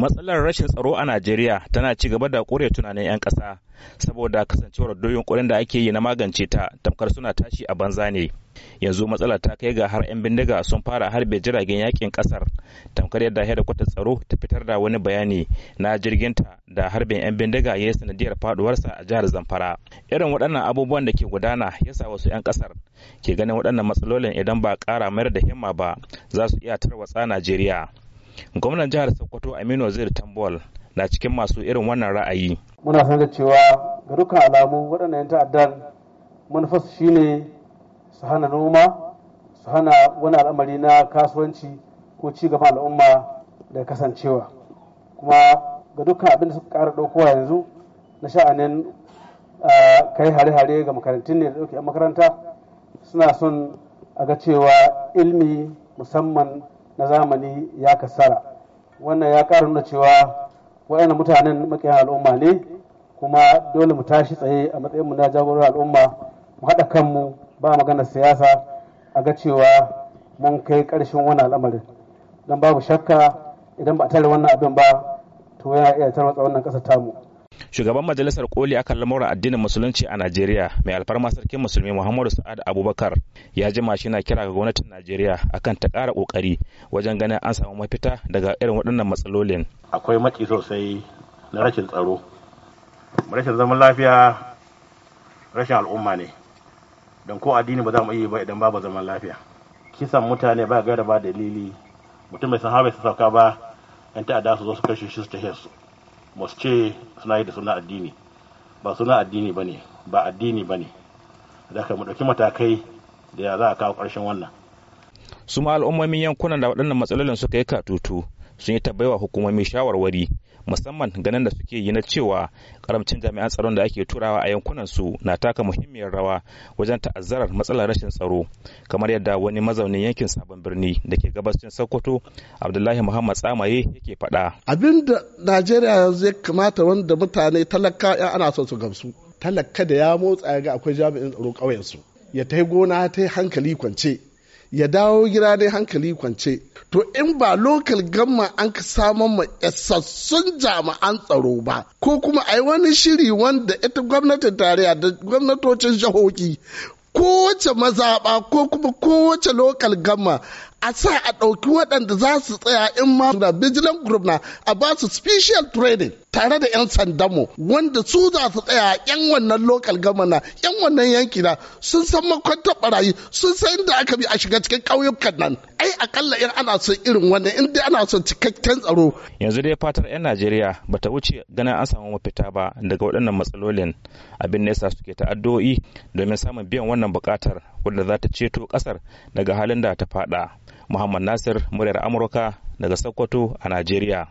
matsalar rashin tsaro a najeriya tana ci gaba da kore tunanin 'yan ƙasa saboda kasancewar doyin kurin da ake yi na magance ta tamkar suna tashi a banza ne yanzu matsalar ta kai ga har 'yan bindiga sun fara harbe jiragen yakin ƙasar tamkar yadda kwata tsaro ta fitar da wani bayani na jirgin ta da harbin 'yan bindiga ya yi sanadiyar faduwarsa a jihar zamfara irin waɗannan abubuwan da ke gudana ya sa wasu 'yan ƙasar ke ganin waɗannan matsalolin idan ba ƙara mayar da himma ba za su iya tarwatsa najeriya gwamnan jihar sokoto aminu wazir tambol na cikin masu irin wannan ra'ayi muna sanar da cewa ga dukkan alamu waɗannan 'yan ta'addan manufarsu shine su hana noma su hana wani al'amari na kasuwanci ko ci gaban al'umma da kasancewa kuma ga dukkan abin da suka ƙara ɗaukowa yanzu na sha'anin kai hare-hare ga makarantun ne da ɗauke makaranta suna son a ga cewa ilmi musamman na zamani ya kasara wannan ya ƙara nuna cewa waɗannan mutanen makiyar al'umma ne kuma dole mu tashi tsaye a matsayin mu na jagorar al'umma mu haɗa kanmu ba maganar siyasa a ga cewa mun kai ƙarshen wannan al'amarin don babu shakka idan ba a tare wannan abin ba to yana iya tarwatsa wannan ƙasar tamu shugaban majalisar koli akan lamuran addinin musulunci a najeriya mai alfarma sarkin musulmi muhammadu sa'ad abubakar ya ji shi na kira ga gwamnatin najeriya akan ta ƙara ƙoƙari wajen ganin an samu mafita daga irin waɗannan matsalolin akwai matsi sosai na rashin tsaro rashin zaman lafiya rashin al'umma ne don ko addini ba za mu yi ba idan babu zaman lafiya kisan mutane ba da ba dalili mutum bai san bai sauka ba yan ta'adda su zo su kashe shi su tahe su ba su ce suna yi da suna addini ba suna addini ba ne ba addini ba ne da ka mu ɗauki matakai da ya za a kawo ƙarshen wannan su ma al'ummomin yankunan da waɗannan matsalolin suka yi katutu sun yi ta baiwa hukumomi shawarwari musamman ganin da suke yi na cewa karamcin jami'an tsaron da ake turawa a yankunan su na taka muhimmiyar rawa wajen ta'azzarar matsalar rashin tsaro kamar yadda wani mazaunin yankin sabon birni da ke gabashin sokoto abdullahi muhammad tsamaye yake faɗa. abin da najeriya yanzu ya kamata wanda mutane talaka ya ana son su gamsu talaka da ya motsa ya ga akwai jami'in tsaro ƙauyensu ya ta gona ta hankali kwance ya dawo gida dai hankali kwance to in ba lokal gamma an ka samun ma isassun jami'an tsaro ba ko kuma ai wani shiri wanda ita gwamnatin tarayya da gwamnatocin jihohi kowace mazaɓa ko kuma kowace lokal gamma a sa a ɗauki waɗanda za su tsaya in ma da vigilant group na a ba su special training tare da 'yan sandanmu wanda su za su tsaya 'yan wannan local gamana 'yan wannan yanki na sun san makwantar barayi sun san inda aka bi a shiga cikin ƙauyukan nan ai akalla in ana son irin wannan in dai ana son cikakken tsaro yanzu dai fatar 'yan najeriya ta wuce ganin an samu mafita ba daga waɗannan matsalolin abin nesa suke ta'addo'i domin samun biyan wannan buƙatar wadda za ta ceto kasar daga halin da ta fada muhammad nasir muryar amurka daga sokoto a najeriya